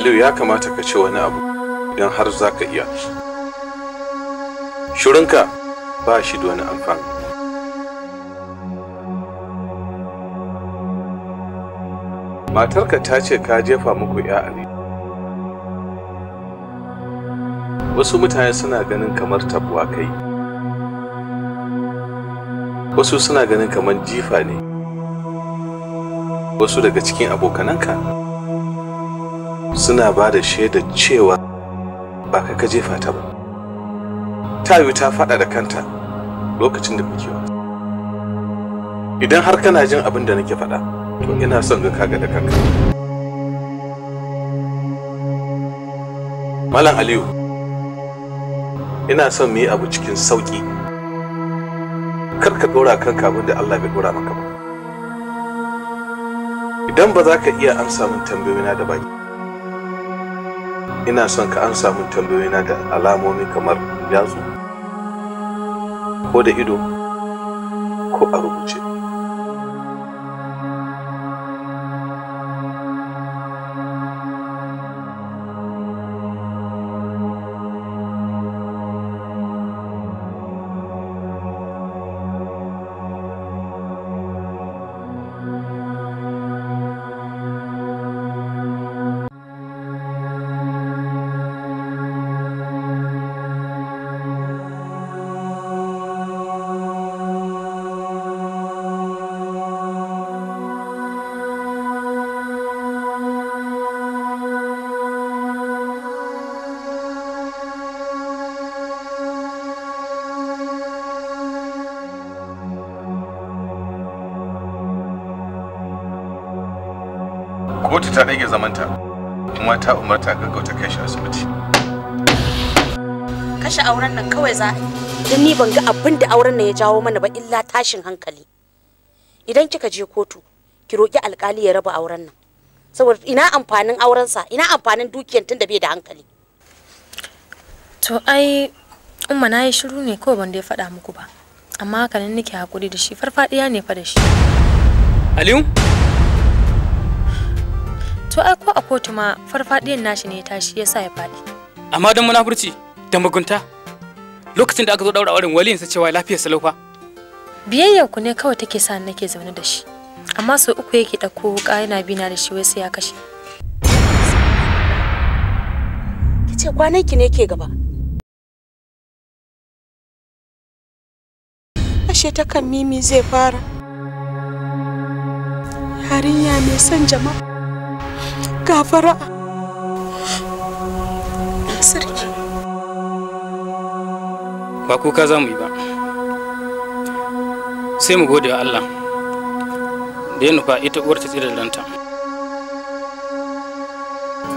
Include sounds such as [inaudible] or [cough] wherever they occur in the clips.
Aliyu ya kamata ka ce wani abu idan har za ka iya. Shurinka ba shi da wani amfani. Matarka ta ce ka jefa muku ya Wasu mutane suna ganin kamar tabuwa kai. Wasu suna ganin kamar jifa ne. Wasu daga cikin abokananka. suna ba da shaidar cewa ba kai ka jefa ta ba ta ta faɗa da kanta lokacin da kuke wasa idan har kana jin abin da nake faɗa to ina son ga kaga da kanka malam aliyu ina son mu yi abu cikin sauƙi kar ka ɗora kanka abin da allah bai ɗora maka ba idan ba za ka iya amsa min tambayoyina da baki ina son ka an samu tambayoyina da alamomi kamar yazo ko da ido ko a rubuce kotu ta ɗage zamanta kuma ta umarta gaggauta kai shi asibiti kashe auren nan kawai za don ni ban ga abin da auren nan ya jawo mana ba illa tashin hankali idan kika je kotu ki roki alkali ya raba auren nan saboda ina amfanin aurensa ina amfanin dukiyar tun da bai da hankali to ai umma na yi shiru ne kawai ban da ya faɗa muku ba amma haka nan nake hakuri da shi farfadiya ne fa da shi aliyu To ai ko a kotu ma farfadiyan nashi ne tashi yasa ya faɗi. Amma don munafurci da mugunta lokacin da aka zo daura auren waliyin sa cewa lafiyar salofa. Biyayyar ku ne kawai take sa nake zaune da shi. Amma sau uku yake ɗauko wuƙa yana bina da shi wai sai ya kashe. Kice kwananki ne ke gaba. Ashe takan mimi zai fara. Yarinya mai son jama'a. gafara sarki ba kuka za mu yi ba sai mu gode wa Allah da ya nufa ita uwar ta tsira lanta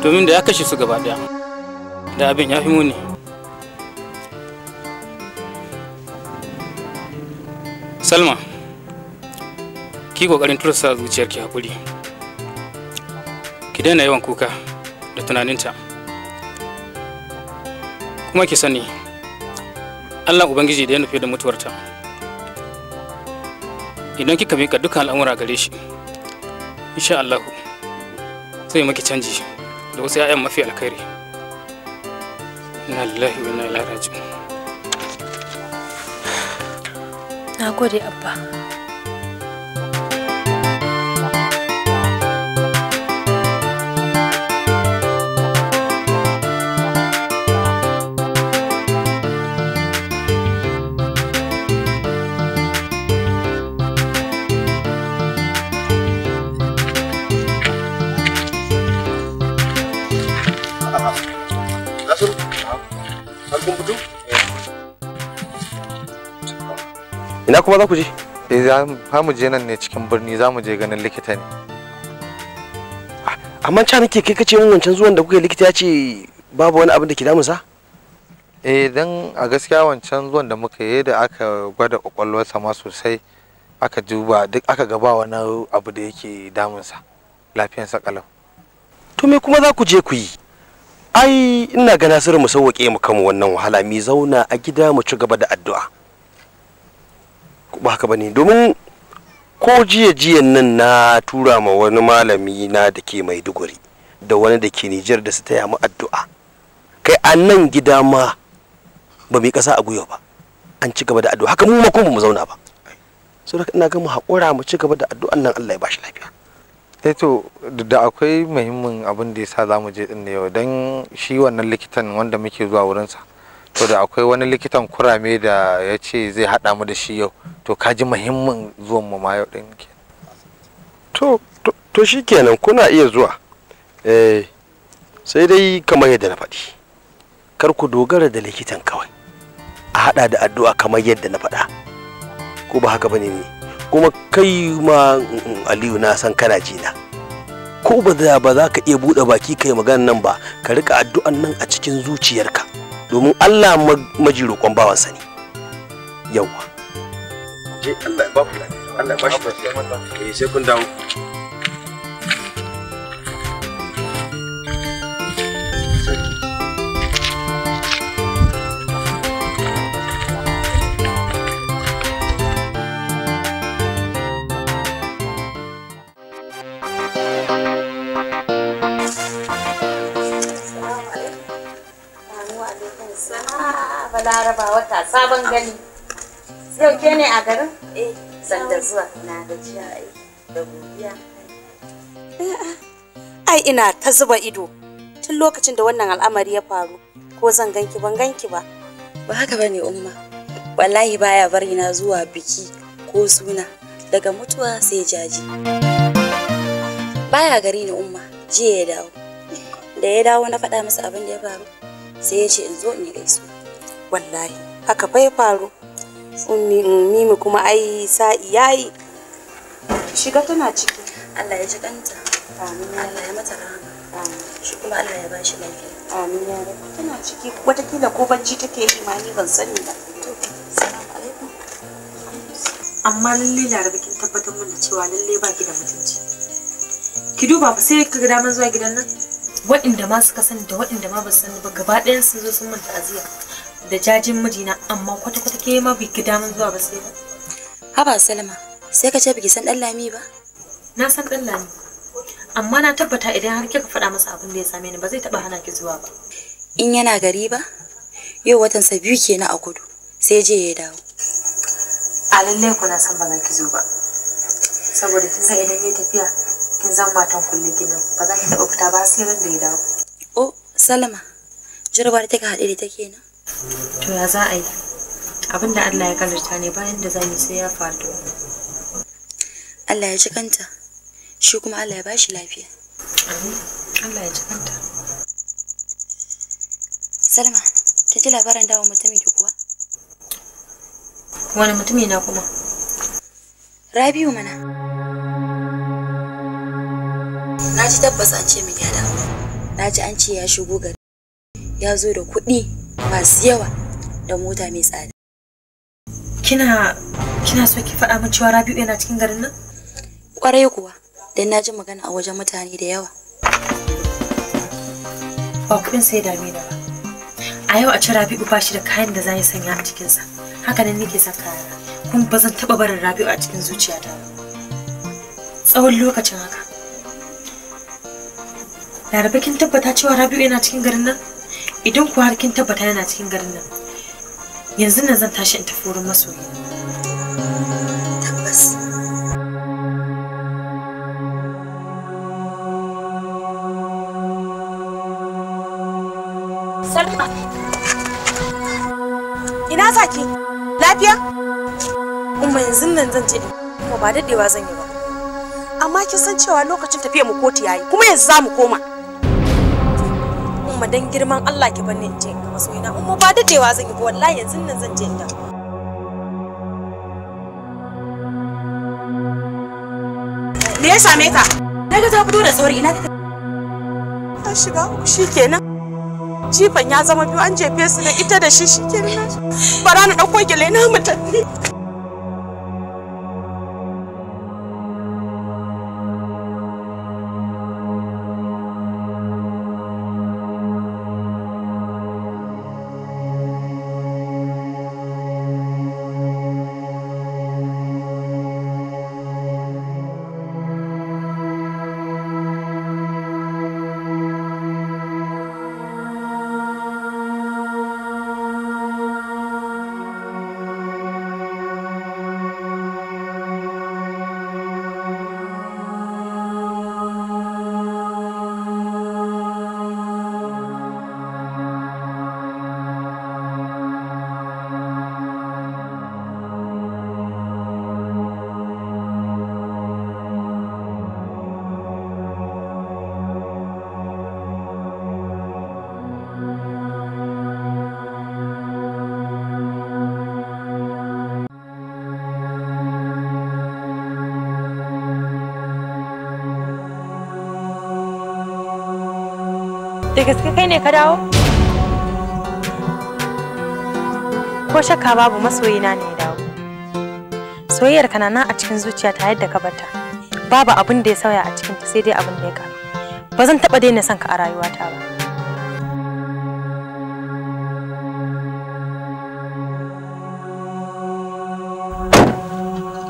domin da ya kashe su gaba daya da abin ya fi muni salma ki kokarin tursa zuciyarki hakuri ki daina yawan kuka da tunaninta kuma ki sani allah ubangiji da ya nufi da mutuwarta idan kika mika duka al'amura gare shi insha allahu zai maki canji da wasu 'ya'yan mafi alkhairi na lillahi wa na ilaihi raji'un na gode abba ina kuma za ku je eh za mu je nan ne cikin birni za mu je ganin likita ne ah, amma ca nake kai kace mun wancan zuwan da kuka likita ya ce babu wani abin da ke damunsa eh dan a gaskiya wancan zuwan da muka yi da aka gwada kwakwalwarsa ma sosai aka duba duk aka gaba wani abu da yake damunsa lafiyansa kalau to me kuma za ku je ku yi ai ina ga nasiru mu sauwaƙe mu kanmu wannan wahala mi zauna a gida mu ci gaba da addu'a ba haka bane domin ko jiya jiyan nan na tura ma wani malami na da ke maiduguri da wani da ke nijar da su taya mu addu'a kai a nan gida ma ba mai kasa a gwiwa ba an ci gaba da addu'a haka mu mu zauna ba so da ina ga mu haƙura mu ci gaba da addu'an nan Allah ya bashi lafiya sai eh to da akwai muhimmin abin da yasa zamu je din yau dan shi wannan likitan wanda muke zuwa wurinsa to da akwai wani likitan kurame da ya ce zai haɗa mu da shi yau to ka ji muhimmin zuwan mu ma yau ɗin ke to to shi kenan kuna iya zuwa eh sai dai kamar yadda na faɗi kar ku dogara da likitan kawai a haɗa da addu'a kamar yadda na faɗa ko ba haka bane ne kuma kai ma mm, mm, aliyu na san kana jina ko ba za ka iya buɗe baki kai magana nan ba ka rika addu'an nan a cikin zuciyarka domin Allah maji roƙon bawan sani yauwa je Allah ba ku Allah ba shi eh, sai kun dawo gani ne a garin eh sanda zuwa na gajiya da godiya ai ina ta zuba ido tun lokacin da wannan al'amari ya faru ko zan ganki ban ganki ba ba haka bane umma wallahi baya bari na zuwa biki ko suna daga mutuwa sai jaji baya gari ne umma jiya ya dawo da ya dawo na faɗa masa abin da ya faru sai ya ce in zo in yi gaisuwa wallahi haka bai faru mimi kuma ai sa'i yayi shiga tana ciki Allah ya ji kanta amin Allah ya mata rahama shi kuma Allah ya bashi lafiya amin ya rabu tana ciki watakila ko bacci take yi ma ni ban sani ba amma lalle laraba kin tabbatar mun da cewa lalle ba ki da mutunci ki duba ba sai ka ga daman zuwa gidan nan waɗanda ma suka sani da waɗanda ma ba su sani ba gaba ɗayan sun zo sun manta aziya da jajin mijina amma kwata-kwata ke ma bi ki daman zuwa ba sai ba. Haba Salma, sai ka ce biki san Dan lami ba? Na san Dan lami, amma na tabbata idan har kika faɗa masa abin da ya same ni ba zai taɓa hana ki zuwa ba. In yana gari ba? Yau watansa biyu kenan a kudu, sai je ya dawo. A lalle ku na san ba za ki zo ba. Saboda kin san idan ya tafiya kin zan matan kulle ginin ba za ki taɓa fita ba sai ran da ya dawo. Oh, Salma, jirbar ta ka haɗe da take nan. to ya za a yi Abinda Allah ya kalarta ne bayan da zan yi sai ya faru Allah ya ci kanta shi kuma Allah ya bashi lafiya amin Allah ya ci kanta Salma kin ji labarin dawo mutumin ki kuwa wani mutumi na kuma Rabiu mana Na ji tabbas an ce min ya dawo. Na ji an ce ya shigo gari. Ya zo da kuɗi masu yawa da mota mai tsada kina kina so ki faɗa min cewa Rabi'u yana cikin garin nan kwarai kuwa dan na ji magana a wajen mutane da yawa ba kuɗin sai da ba a yau a ci Rabi'u ba shi da kayan da za ya sanya a cikinsa haka nan nake son kaya kuma ba zan taɓa barin Rabi'u a cikin zuciyata ba tsawon lokacin haka Larabe kin tabbata cewa Rabi'u yana cikin garin nan? idan kuwa har kin tabbata yana cikin garin nan yanzu nan zan tashi in tafi wurin masoyi Salma ina saki? lafiya umma yanzu nan zan je kuma ba dadewa zan yi ba amma kin san cewa lokacin tafiya mu kotu yayi kuma yanzu za mu koma umma dan girman Allah ki bar ni in je in ga masoyina in mu ba dadewa zan yi ba wallahi yanzu nan zan je inda me ya same ka na ga ta fito da sauri ina ta shiga uku shikenan jifan ya zama biyu an jefe su da ita da shi shikenan bara na dauko gele na mutanni da gaske kai ne ka dawo ko shakka babu masoyina ne ya dawo soyayyar ka nan a cikin zuciya ta yadda ka bata babu abin da ya sauya a cikin ta sai dai abin da ya karu ba zan taba daina son ka a rayuwata ba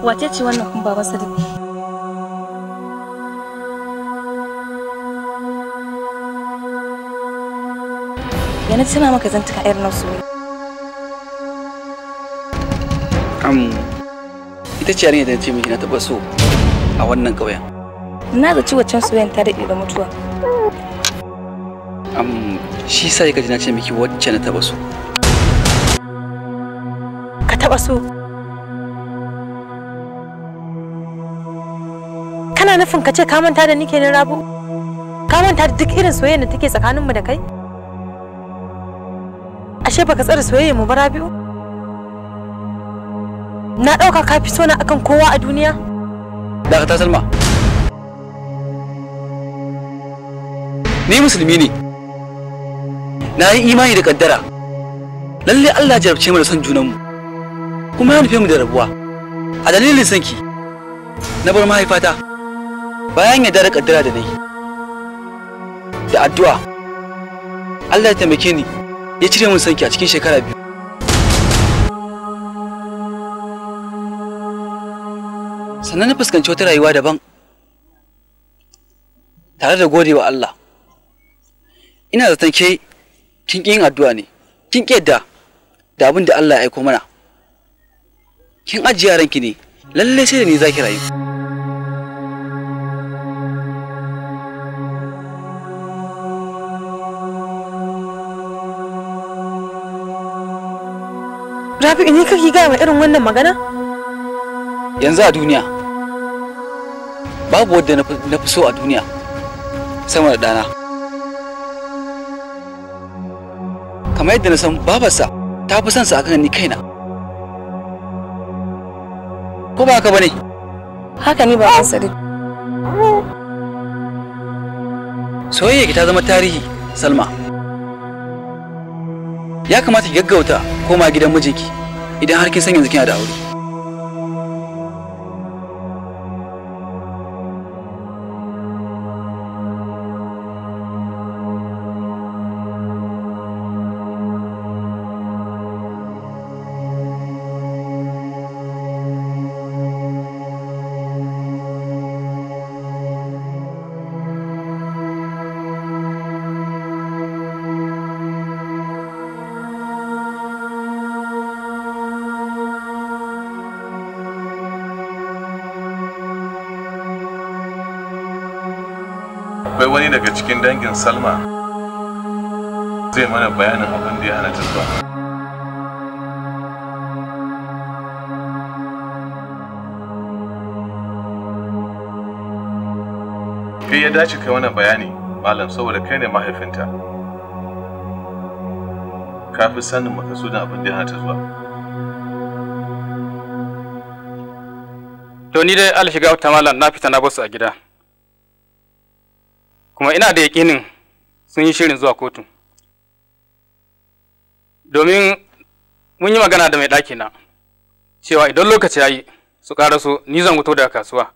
wace ce wannan kuma baba sadiq na tuna maka zantuka irin na ne. am ita ce yarinya da ce miki na taba so a wannan ƙauyen na zaci waccan soyayyan ta daɗe da mutuwa am shi sa kaji na ce miki wacce na taba so ka taba so kana nufin ka ce ka manta da ni kenan rabu ka manta da duk irin soyayya da take tsakaninmu da kai ashe baka tsara soyayya mu bara biyu na dauka ka fi sona akan kowa a duniya daga ta salma ni musulmi ne na yi imani da kaddara lalle Allah jarabce mu da son junanmu kuma ya nufe mu da rabuwa a dalilin sanki na bar mahaifata bayan yarda da kaddara da nayi da addu'a Allah ya taimake ni ya cire min sanki a cikin shekara biyu sannan na fuskanci wata rayuwa daban tare da gode Allah ina zaton ke kin yin addu'a ne kin ƙeda da abin da Allah ya aiko mana kin ajiye ranki ne lallai sai da ni zaki rayu Rafi'u ni kake gaya wa irin wannan magana? Yanzu a duniya babu wadda na fi so a duniya sama da ɗana. Kamar yadda na san babarsa ta fi son sa akan ni kaina. Ko ba haka bane? Haka ne baban Sadiq. Soyayya ki ta zama tarihi, Salma. ya kamata ki gaggauta koma gidan mijinki idan har kin san yanzu kina da aure akwai wani daga cikin dangin salma zai mana bayanin abin da ya hana zuwa fi ya dace kai wani bayani malam saboda kai ne mahaifinta ka fi sanin makasudin abin da ya hana ta zuwa to ni dai alshiga ta malam na fita na basu a gida kuma ina da yaƙinin sun yi shirin zuwa kotu domin mun yi magana da mai ɗakina, cewa idan lokaci ya yi su ƙaraso ni zan wuto daga kasuwa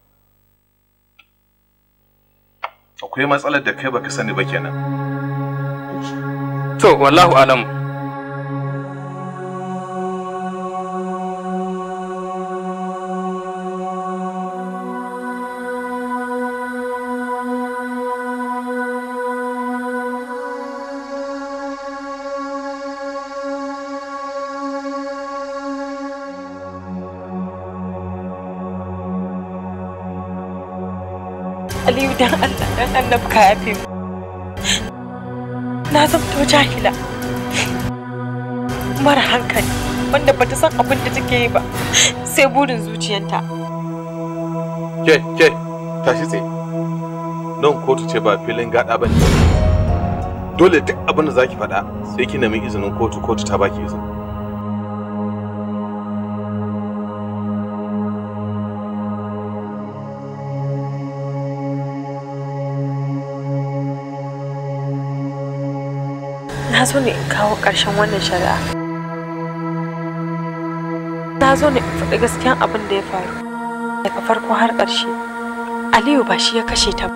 akwai matsalar da kai baka sani ba kenan to wallahu alamu Aliyu dan Allah dan Allah ka yafe mu. Na zamto jahila. Mara hankali wanda bata san abin da take yi ba sai burin zuciyarta. Ke ke tashi tsaye. Nan kotu ce ba filin gada ba ne. Dole duk abin da zaki faɗa sai kina min izinin kotu kotu ta baki izini. na zo ne in kawo ƙarshen wannan shari'a na zo ne in faɗi gaskiyan abin da ya faru daga farko har ƙarshe aliyu ba shi ya kashe ta ba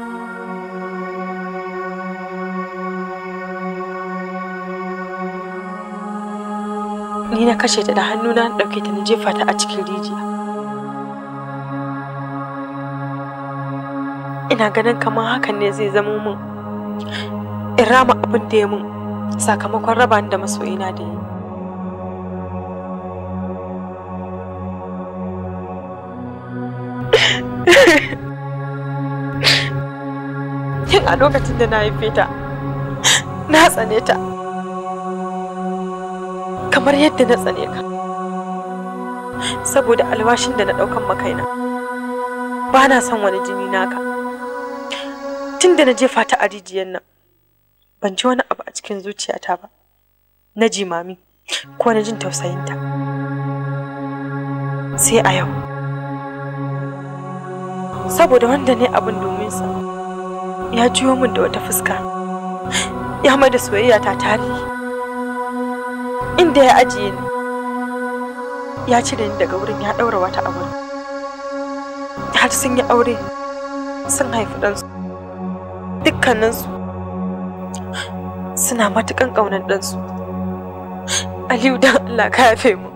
ni na kashe ta da hannuna na ɗauke ta na jefa ta a cikin rijiya. Ina ganin kamar hakan ne zai zamo min in rama abin da ya mun sakamakon rabani da masoyina da yi [laughs] a lokacin da na haife ta na tsane ta kamar yadda na tsane ka saboda alwashin da na ɗaukan makaina ba na son wani jini naka tun da na jefa ta a rijiyar nan ban ci wani abu a cikin zuciyata ba na jimami ko na jin tausayin ta sai a yau saboda wanda ne abin dominsa ya juyo min da wata fuska ya mai da soyayya ta tarihi inda ya ajiye ni ya cire ni daga wurin ya daura wata abu har sun yi aure sun haifi ɗansu dukkaninsu suna matukan ƙaunar ɗansu aliyu don allah ka yafe mu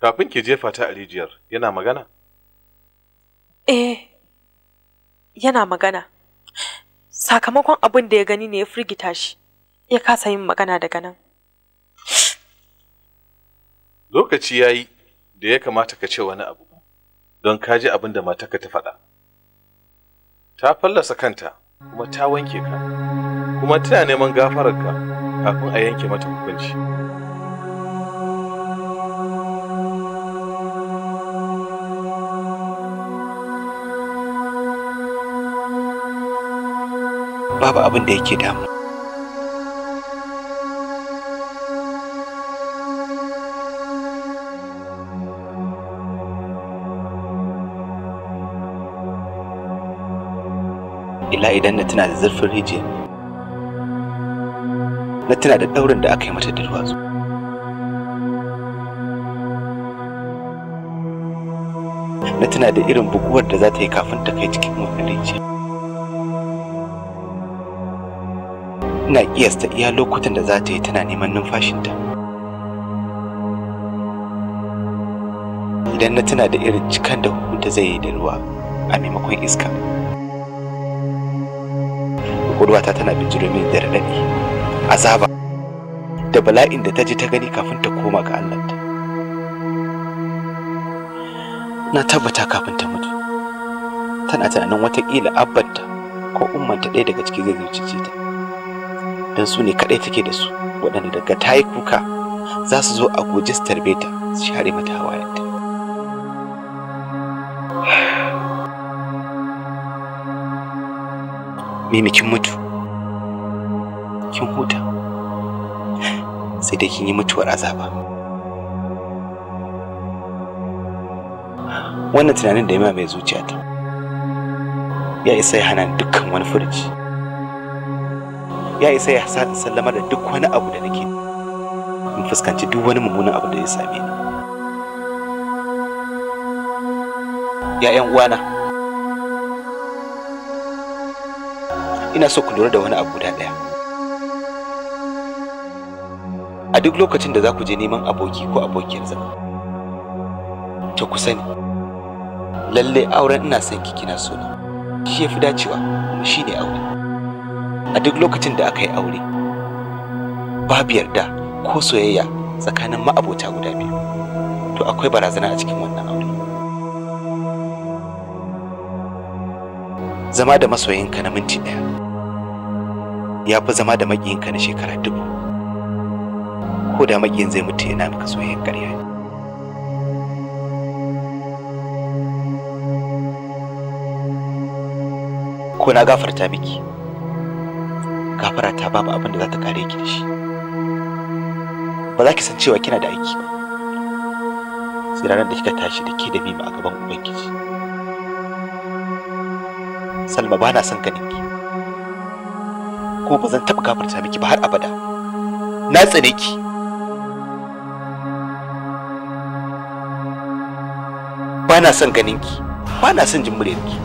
kafin ki jefa ta a rijiyar yana magana eh yana magana sakamakon abin da ya gani ne ya firgita shi ya kasa yin magana daga nan lokaci ya yi da ya kamata ka ce wani abu don ka ji abin da mataka ta faɗa ta fallasa kanta kuma ta wanke ka kuma tana neman gafararka kafin a yanke mata hukunci babu abin da yake damu ila idan na tana da zurfin rijiya na tana da daurin da aka yi mata da duwatsu na tana da irin buguwar da za ta yi kafin ta kai cikin wannan rijiya ina kiyasta iya lokutan da za ta yi tana neman numfashinta idan na tana da irin cikan da hukunta zai yi da ruwa a maimakon iska ta tana bijiro min da raɗaɗi azaba da bala'in da ta ji ta gani kafin ta koma ga Allah na tabbata kafin ta mutu tana tunanin watakila abbanta ko ummanta ɗaya daga cikin zai ta don su ne kaɗai take da su waɗanda daga ta yi kuka za su zo a guji su tarbe ta su share mata hawayenta [sighs] mimikin mutu sai da kin yi mutuwar azaba wannan tunanin da ya mai zuciyata ya isa ya hana dukkan wani furci ya isa ya sa ta sallama da duk wani abu da nake in fuskanci duk wani mummunan abu da ya same ni Ya uwa uwana ina so ku lura da wani abu da daya duk lokacin da za ku je neman aboki ko abokin zama to ku sani lalle auren ina son ki kina so ne shi yafi dacewa kuma shi ne aure a duk lokacin da aka yi aure babu yarda ko soyayya tsakanin ma'abota guda biyu to akwai barazana a cikin wannan aure zama da masoyinka na minti ɗaya ya fi zama da maƙiyinka na shekara dubu ko da makiyin zai mutu yana maka soyayyen ƙarya ne ko na gafarta miki gafara ta babu abin da za ta kare ki da shi ba za ki san cewa kina da aiki ba sai ranar da kika tashi da ke da mima a gaban ubangiji salma ba na son ganin ki Ko ba zan taɓa gafarta miki ba har abada na tsane ki na son ganin ki ba na son jin ki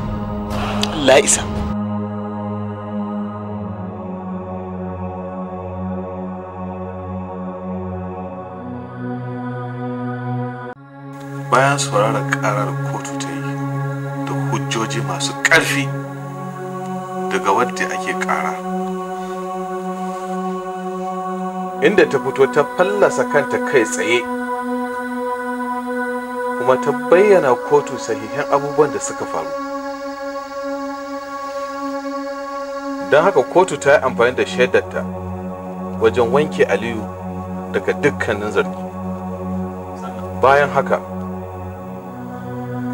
Allah isa bayan sauraron karar kotu ta yi da hujjoji masu ƙarfi daga wadda ake ƙara inda ta fito ta fallasa kanta kai tsaye kuma ta bayyana kotu sahihin abubuwan da suka faru don haka kotu ta yi amfani da shaidarta wajen wanke aliyu daga dukkanin zargi bayan haka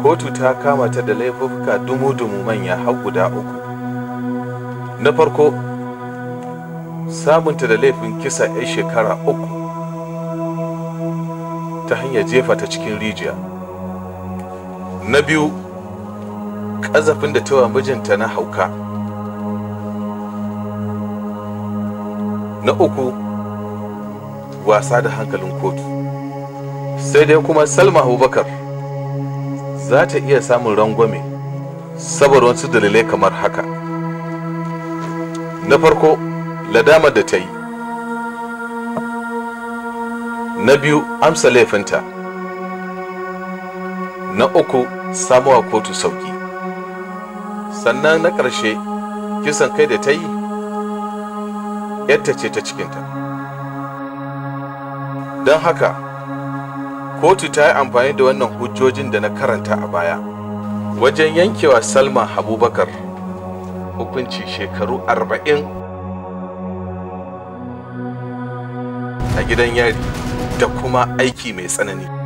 kotu ta kama ta da laifuka dumu-dumu manya har guda uku na farko samunta da laifin kisa 'yan shekara uku ta hanyar jefa ta cikin rijiya na biyu ƙazafin da tawa mijinta na hauka na uku wasa da hankalin kotu sai dai kuma salma abubakar za ta iya samun rangwame saboda wasu dalilai kamar haka na farko ladamar da ta yi na biyu amsa laifinta na uku samuwa kotu sauki sannan na ƙarshe kisan kai da ta yi yadda ce ta cikinta don haka kotu ta yi amfani da wannan hujjojin da na karanta a baya wajen yankewa salma abubakar hukunci shekaru arba'in a gidan yari da kuma aiki mai tsanani